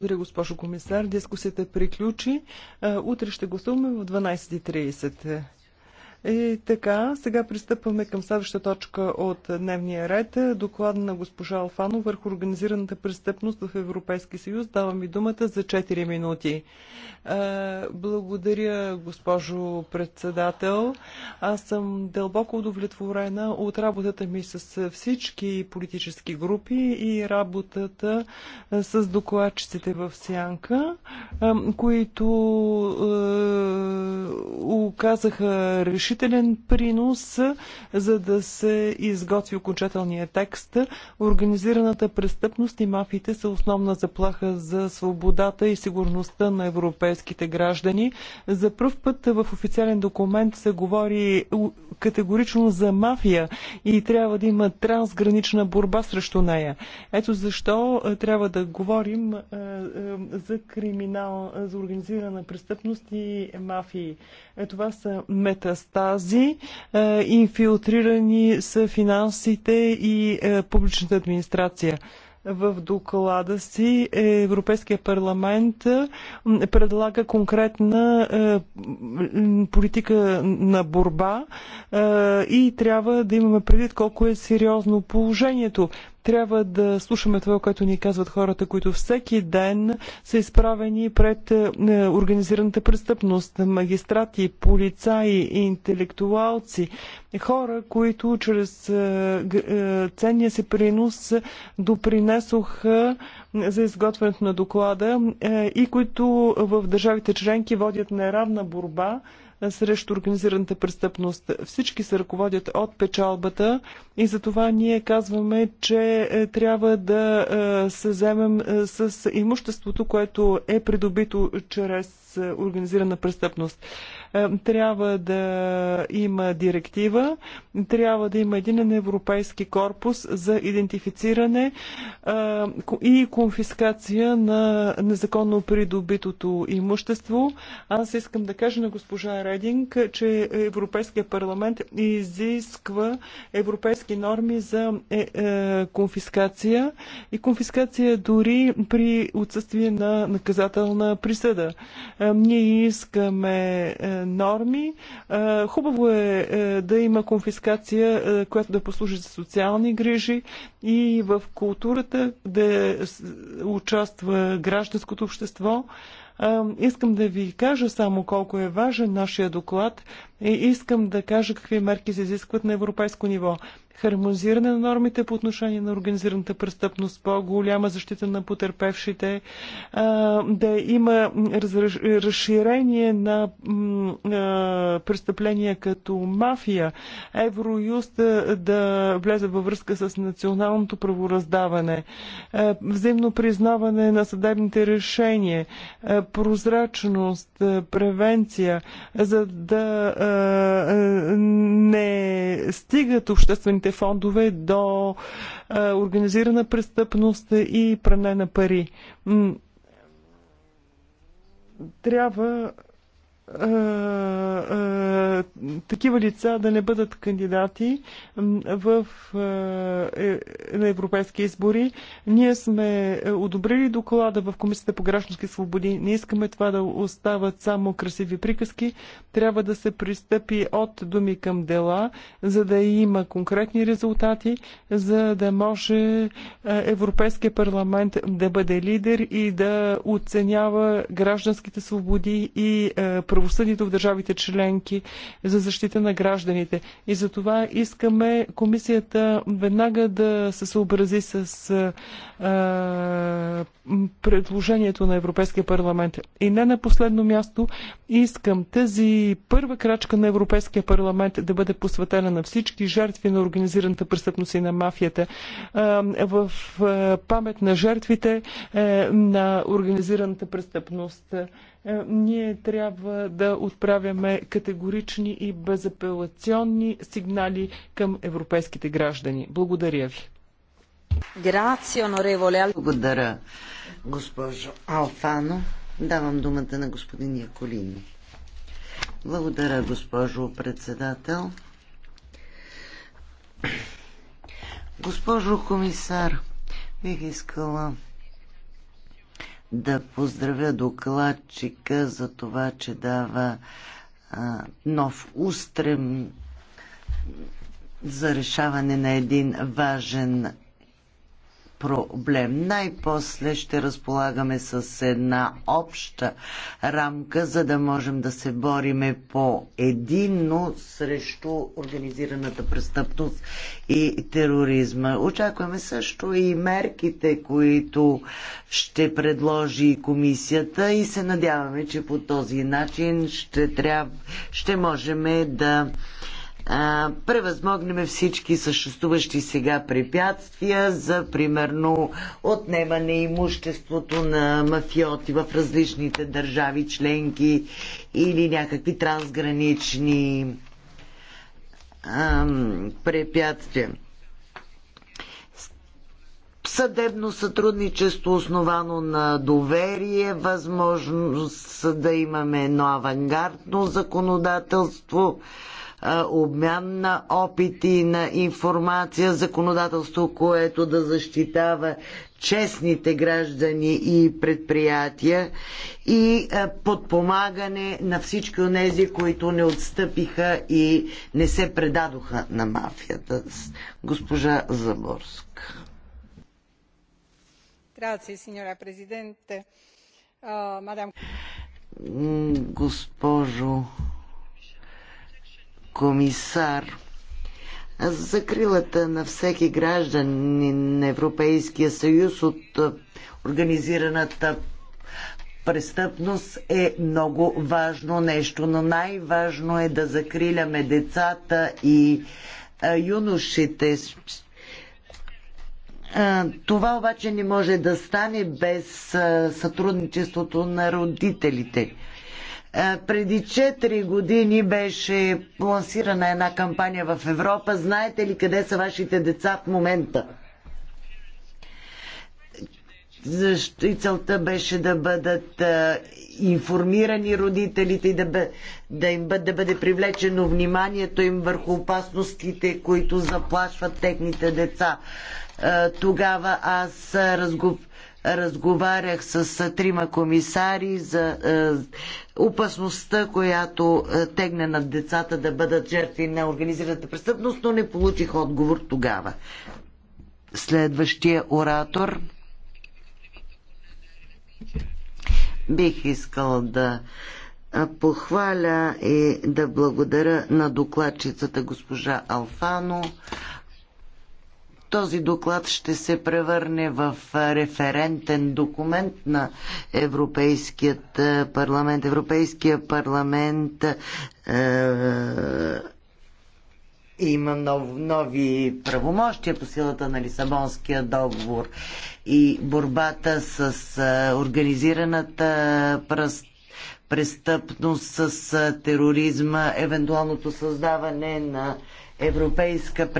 Благодаря, госпожо комисар. Дискусията приключи. Е, утре ще гласуваме в 12.30. И така, сега пристъпваме към следващата точка от дневния ред. Доклад на госпожа Алфано върху организираната престъпност в Европейски съюз. Давам ви думата за 4 минути. Е, благодаря, госпожо председател. Аз съм дълбоко удовлетворена от работата ми с всички политически групи и работата е, с докладчиците в Сянка, е, които оказаха решителен принос, за да се изготви окончателния текст. Организираната престъпност и мафиите са основна заплаха за свободата и сигурността на европейските граждани. За първ път в официален документ се говори категорично за мафия и трябва да има трансгранична борба срещу нея. Ето защо е, трябва да говорим е, е, за криминал, за организирана престъпност и мафии. Това това са метастази, е, инфилтрирани са финансите и е, публичната администрация. В доклада си е, Европейския парламент предлага конкретна политика на борба и трябва да имаме предвид колко е сериозно положението. Трябва да слушаме това, което ни казват хората, които всеки ден са изправени пред е, организираната престъпност. Магистрати, полицаи, интелектуалци, хора, които чрез е, е, ценния си принос допринесоха за изготвянето на доклада и които в държавите членки водят неравна борба срещу организираната престъпност. Всички се ръководят от печалбата и за това ние казваме, че е, трябва да е, се вземем е, с имуществото, което е придобито чрез е, организирана престъпност. Е, трябва да има директива, трябва да има един европейски корпус за идентифициране е, и конфискация на незаконно придобитото имущество. Аз искам да кажа на госпожа Рединг, че Европейския парламент изисква европейски норми за конфискация и конфискация дори при отсъствие на наказателна присъда. Е, ние искаме е, норми. Е, хубаво е да има конфискация, която да послужи за социални грижи и в културата да участва гражданското общество. Искам да ви кажа само колко е важен нашия доклад и искам да кажа какви мерки се изискват на европейско ниво. Хармонизиране на нормите по отношение на организираната престъпност, по-голяма защита на потерпевшите, да има разширение на престъпления като мафия, Евроюст да влезе във връзка с националното правораздаване, взаимно признаване на съдебните решения, прозрачност, превенция, за да не стигат обществените фондове до организирана престъпност и пране на пари. Трябва такива лица да не бъдат кандидати в, е, на европейски избори. Ние сме е, одобрили доклада в Комисията по граждански свободи. Не искаме това да остават само красиви приказки. Трябва да се пристъпи от думи към дела, за да има конкретни резултати, за да може е, Европейския парламент да бъде лидер и да оценява гражданските свободи и правосъдието в държавите членки, за защита на гражданите. И за това искаме комисията веднага да се съобрази с предложението на Европейския парламент. И не на последно място искам тази първа крачка на Европейския парламент да бъде посветена на всички жертви на организираната престъпност и на мафията в памет на жертвите е, на организираната престъпност. Е, ние трябва да отправяме категорични и безапелационни сигнали към европейските граждани. Благодаря ви. Благодаря, госпожо Алфано. Давам думата на господин Яколини. Благодаря, госпожо председател. Госпожо комисар, бих искала да поздравя докладчика за това, че дава а, нов устрем за решаване на един важен проблем. Най-после ще разполагаме с една обща рамка, за да можем да се бориме по-единно срещу организираната престъпност и тероризма. Очакваме също и мерките, които ще предложи комисията и се надяваме, че по този начин ще, трябва, ще можем да превъзмогнем всички съществуващи сега препятствия за, примерно, отнемане имуществото на мафиоти в различните държави членки или някакви трансгранични а, препятствия съдебно сътрудничество, основано на доверие, възможност да имаме едно авангардно законодателство, обмян на опити, на информация, законодателство, което да защитава честните граждани и предприятия и подпомагане на всички от тези, които не отстъпиха и не се предадоха на мафията. Госпожа Заборск. Грация, сеньора президенте. Мадам... Госпожо комисар. Закрилата на всеки гражданин на Европейския съюз от организираната престъпност е много важно нещо, но най-важно е да закриляме децата и юношите. Това обаче не може да стане без сътрудничеството на родителите. Е, преди 4 години беше лансирана една кампания в Европа. Знаете ли къде са вашите деца в момента? Защо и целта беше да бъдат а, е, информирани родителите и да, бъ, да, им бъ, да бъде привлечено вниманието им върху опасностите, които заплашват техните деца. А, е, тогава аз разговарях разговарях с трима комисари за опасността, която тегне над децата да бъдат жертви на организираната престъпност, но не получих отговор тогава. Следващия оратор. Бих искал да похваля и да благодаря на докладчицата госпожа Алфано този доклад ще се превърне в референтен документ на Европейският парламент. Европейския парламент е, има нов, нови правомощия по силата на Лисабонския договор и борбата с е, организираната пръст престъпност, с тероризма, евентуалното създаване на Европейска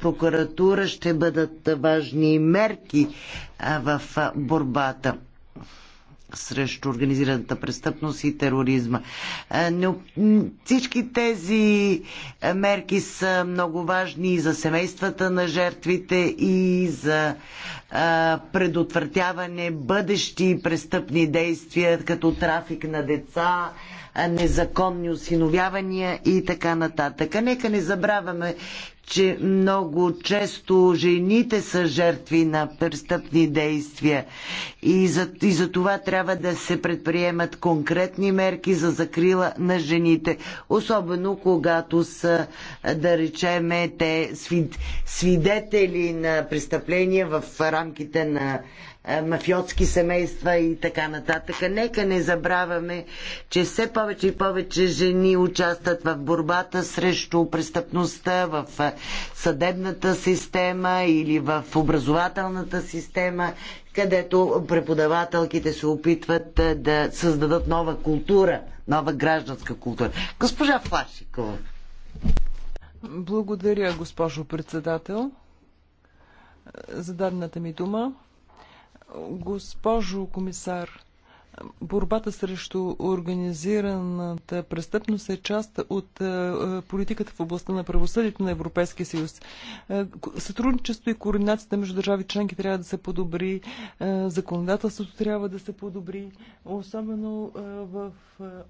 прокуратура ще бъдат важни мерки в борбата срещу организираната престъпност и тероризма. всички тези мерки са много важни и за семействата на жертвите и за предотвратяване бъдещи престъпни действия, като трафик на деца, незаконни осиновявания и така нататък. Нека не забравяме, че много често жените са жертви на престъпни действия и за, и за това трябва да се предприемат конкретни мерки за закрила на жените, особено когато са, да речеме, те свид, свидетели на престъпления в рамките на мафиотски семейства и така нататък. Нека не забравяме, че все повече и повече жени участват в борбата срещу престъпността в съдебната система или в образователната система, където преподавателките се опитват да създадат нова култура, нова гражданска култура. Госпожа Флашикова. Благодаря, госпожо председател, за дадената ми дума госпожо комисар борбата срещу организираната престъпност е част от е, е, политиката в областта на правосъдието на Европейския съюз. Е, сътрудничество и координацията между държави членки трябва да се подобри, законодателството трябва да се подобри, особено в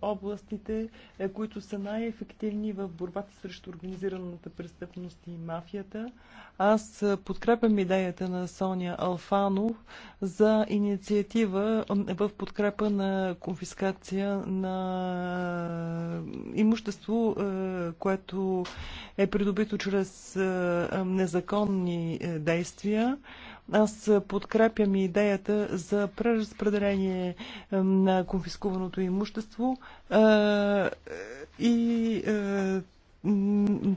областите, които са най-ефективни в борбата срещу организираната престъпност и мафията. Аз подкрепям идеята на Соня Алфанов за инициатива в подкрепа подкрепа на конфискация на имущество, е, което е придобито чрез е, незаконни е, действия. Аз подкрепям и идеята за преразпределение на конфискуваното имущество и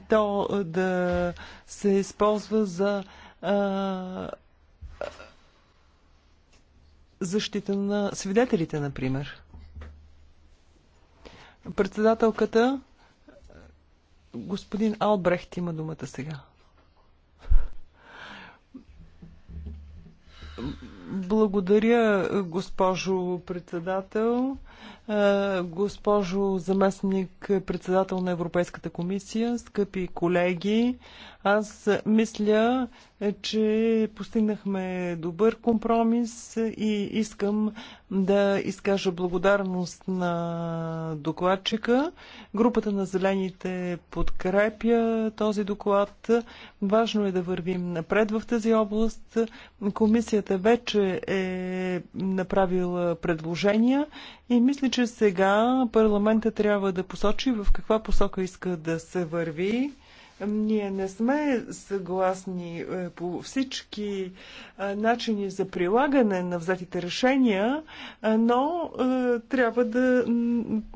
то да се използва за защита на свидетелите, например. Председателката, господин Албрехт има думата сега. Благодаря, госпожо председател. Е, госпожо заместник председател на Европейската комисия, скъпи колеги, аз мисля, е, че постигнахме добър компромис и искам да изкажа благодарност на докладчика. Групата на зелените подкрепя този доклад. Важно е да вървим напред в тази област. Комисията вече е направила предложения и мисля, че сега парламента трябва да посочи в каква посока иска да се върви. Ние не сме съгласни е, по всички е, начини за прилагане на взетите решения, е, но трябва да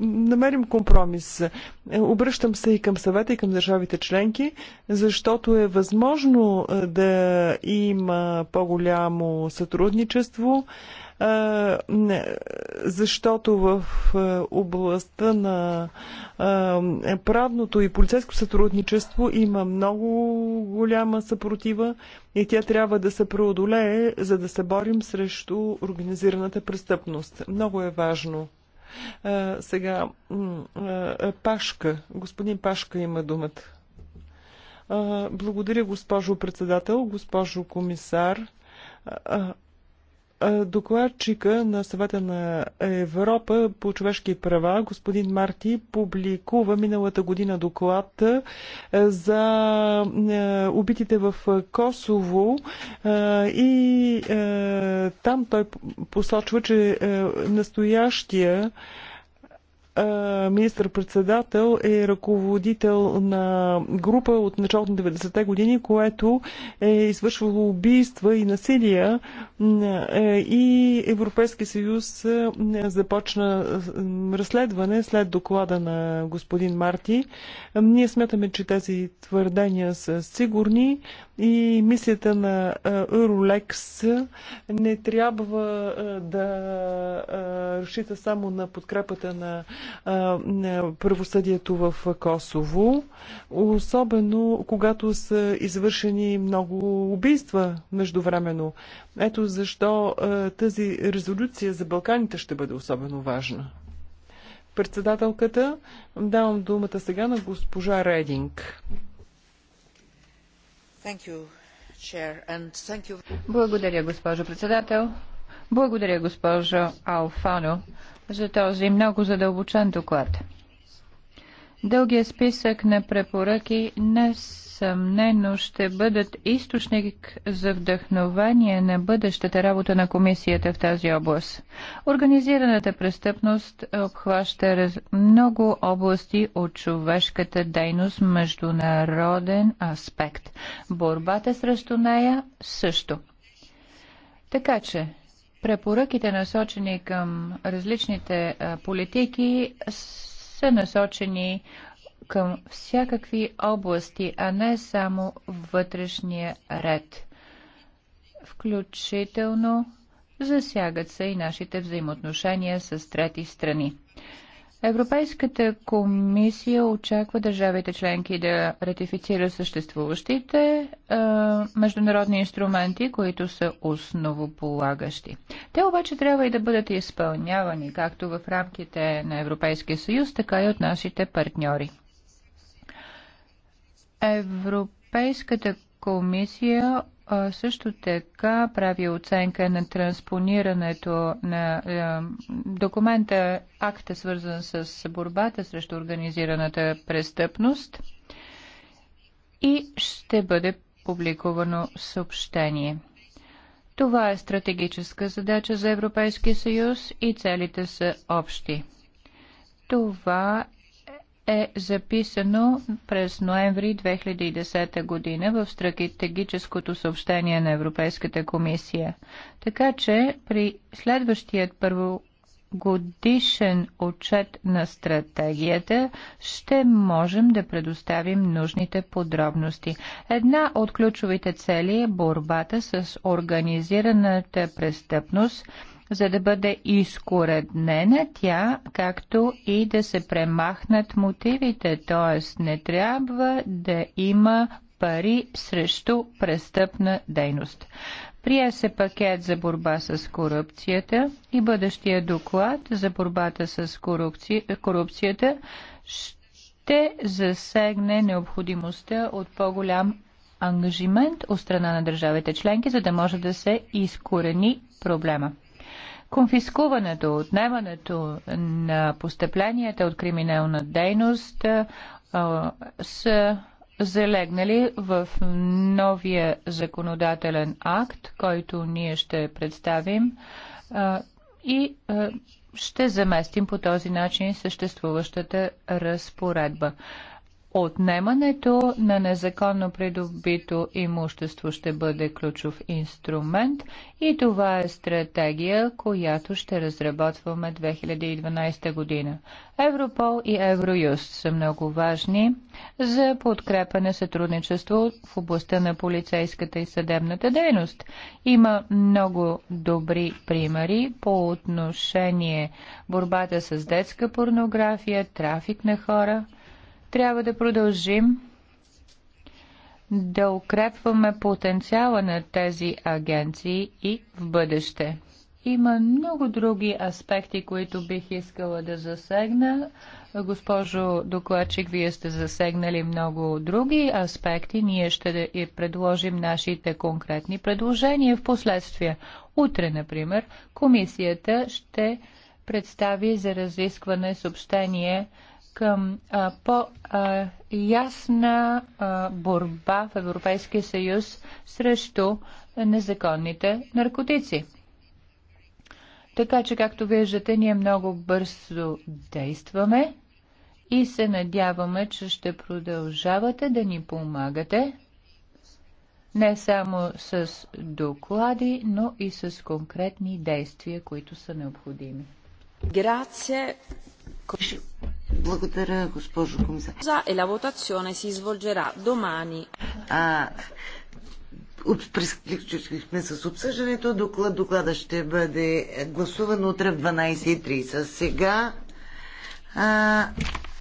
намерим компромис. Обръщам се и към съвета, и към държавите членки, защото е възможно да има по-голямо сътрудничество защото в областта на правното и полицейско сътрудничество има много голяма съпротива и тя трябва да се преодолее, за да се борим срещу организираната престъпност. Много е важно. Сега, Пашка, господин Пашка има думата. Благодаря, госпожо председател, госпожо комисар. Докладчика на съвета на Европа по човешки права, господин Марти, публикува миналата година доклад за убитите в Косово и там той посочва, че настоящия министър-председател е ръководител на група от началото на 90-те години, което е извършвало убийства и насилия е, и Европейския съюз е, започна разследване след доклада на господин Марти. Ние смятаме, че тези твърдения са сигурни и мисията на Eurolex не трябва да решите само на подкрепата на, на правосъдието в Косово, особено когато са извършени много убийства междувременно. Ето защо тази резолюция за Балканите ще бъде особено важна. Председателката давам думата сега на госпожа Рединг. Благодаря, госпожо председател. Благодаря, госпожо Алфано, за този много задълбочен доклад. Дългия списък на препоръки несъмнено ще бъдат източник за вдъхновение на бъдещата работа на комисията в тази област. Организираната престъпност обхваща раз... много области от човешката дейност, международен аспект. Борбата срещу нея също. Така че, препоръките насочени към различните политики с са насочени към всякакви области, а не само вътрешния ред. Включително засягат се и нашите взаимоотношения с трети страни. Европейската комисия очаква държавите членки да ратифицира съществуващите е, международни инструменти, които са основополагащи. Те обаче трябва и да бъдат изпълнявани както в рамките на Европейския съюз, така и от нашите партньори. Европейската комисия също така прави оценка на транспонирането на е, документа акта, свързан с борбата срещу организираната престъпност и ще бъде публикувано съобщение. Това е стратегическа задача за Европейския съюз и целите са общи. Това е записано през ноември 2010 година в стратегическото съобщение на Европейската комисия. Така че при следващият първо годишен отчет на стратегията, ще можем да предоставим нужните подробности. Една от ключовите цели е борбата с организираната престъпност – за да бъде изкореднена тя, както и да се премахнат мотивите, т.е. не трябва да има пари срещу престъпна дейност. Прие се пакет за борба с корупцията и бъдещия доклад за борбата с корупци... корупцията ще засегне необходимостта от по-голям ангажимент от страна на държавите членки, за да може да се изкорени проблема. Конфискуването, отнемането на постъпленията от криминална дейност са залегнали в новия законодателен акт, който ние ще представим и ще заместим по този начин съществуващата разпоредба. Отнемането на незаконно придобито имущество ще бъде ключов инструмент и това е стратегия, която ще разработваме 2012 година. Европол и Евроюст са много важни за подкрепа на сътрудничество в областта на полицейската и съдебната дейност. Има много добри примери по отношение борбата с детска порнография, трафик на хора – трябва да продължим да укрепваме потенциала на тези агенции и в бъдеще. Има много други аспекти, които бих искала да засегна. Госпожо докладчик, вие сте засегнали много други аспекти. Ние ще и предложим нашите конкретни предложения в последствие. Утре, например, комисията ще представи за разискване съобщение към по-ясна борба в Европейския съюз срещу незаконните наркотици. Така че, както виждате, ние много бързо действаме и се надяваме, че ще продължавате да ни помагате не само с доклади, но и с конкретни действия, които са необходими. Грация. Благодаря, госпожо комисар. За е la votazione si с обсъждането. Доклад, доклада ще бъде гласуван утре в 12.30. Сега а,